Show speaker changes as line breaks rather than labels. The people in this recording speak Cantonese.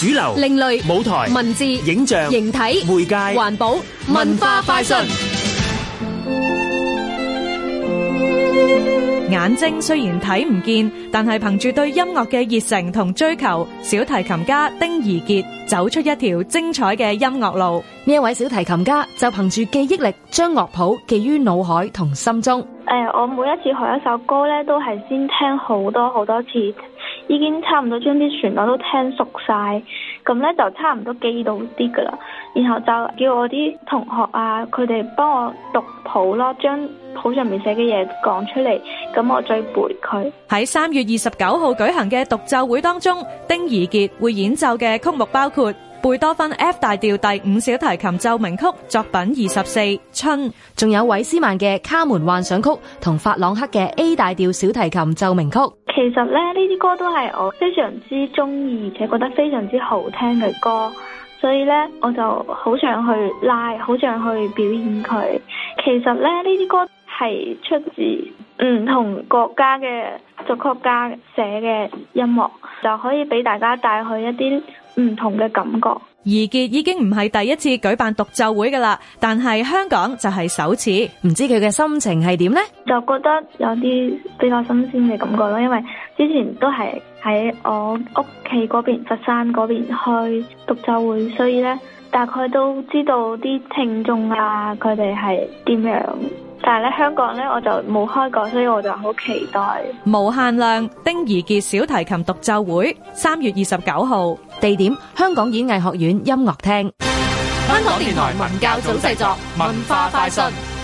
主流、另類舞台、文字、影像、形體、媒介、環保、文化快訊。眼睛雖然睇唔見，但係憑住對音樂嘅熱誠同追求，小提琴家丁怡杰走出一條精彩嘅音樂路。呢一位小提琴家就憑住記憶力，將樂譜記於腦海同心中。誒，我每一次學一首歌
咧，都係先聽好多好多次。已經差唔多將啲旋律都聽熟晒，咁咧就差唔多記到啲㗎啦。然後就叫我啲同學啊，佢哋幫我讀譜咯，將譜上面寫嘅嘢講出嚟，咁我再背
佢。喺三月二十九號舉行嘅獨奏會當中，丁怡傑會演奏嘅曲目包括，貝多芬 F 大調第五小提琴奏鳴曲作品二十四春，仲有韋斯曼嘅卡門幻想曲同法朗克嘅 A 大調小提琴奏鳴曲。其實咧呢啲歌都係我非常之中意，而且覺得
非常之好聽嘅歌，所以咧我就好想去拉，好想去表演佢。其實咧呢啲歌係出自唔同國家嘅作曲家寫嘅音樂。就可以俾大家帶去一啲唔同嘅感覺。
二杰已經唔係第一次舉辦獨奏會噶啦，但係香港就係首次，唔知佢嘅心情係點呢？就覺得有啲
比較新鮮嘅感覺咯，因為之前都係喺我屋企嗰邊，佛山嗰邊開獨奏會，所以呢，大概都知道啲聽眾啊，佢哋係點樣。但係咧，香港咧，我就冇開過，所以我就好期
待。無限量丁儀杰小提琴獨奏會，三月二十九號，地點香港演藝學院音樂廳。香港電台文教組製作，
文化快訊。